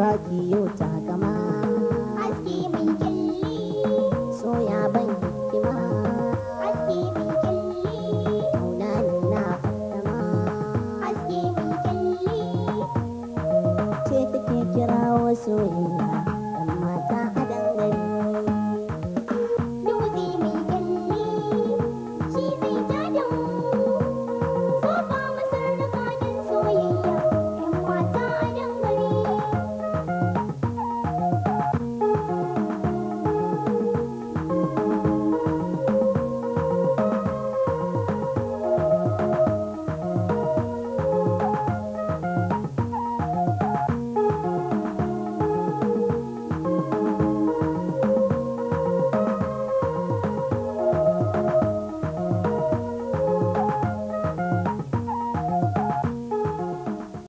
把机油加。